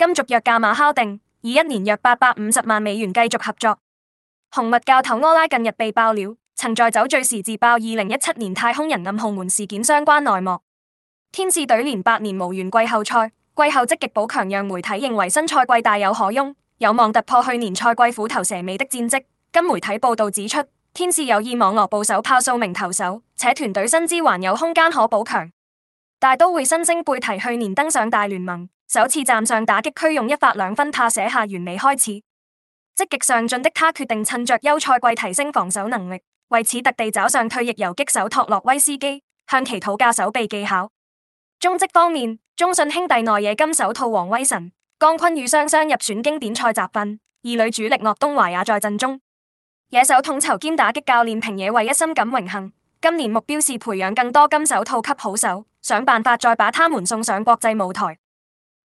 金續約價碼敲定，以一年約八百五十萬美元繼續合作。紅襪教頭柯拉近日被爆料，曾在酒醉時自爆二零一七年太空人暗號門事件相關內幕。天使隊連八年無緣季後賽，季後積極補強，讓媒體認為新賽季大有可佣，有望突破去年賽季虎頭蛇尾的戰績。根據媒體報道指出，天使有意網羅捕手、炮數名投手，且團隊薪資還有空間可補強。大都會新星貝提去年登上大聯盟。首次站上打擊區，用一發兩分，砲寫下完美開始。積極上進的他決定，趁着休賽季提升防守能力。為此，特地找上退役游擊手托洛威斯基，向其討教守備技巧。中職方面，中信兄弟內野金手套王威臣、江坤宇雙雙入選經典賽集訓，二壘主力岳東華也在陣中。野手統籌兼打擊教練平野為一心感榮幸，今年目標是培養更多金手套級好手，想辦法再把他們送上國際舞台。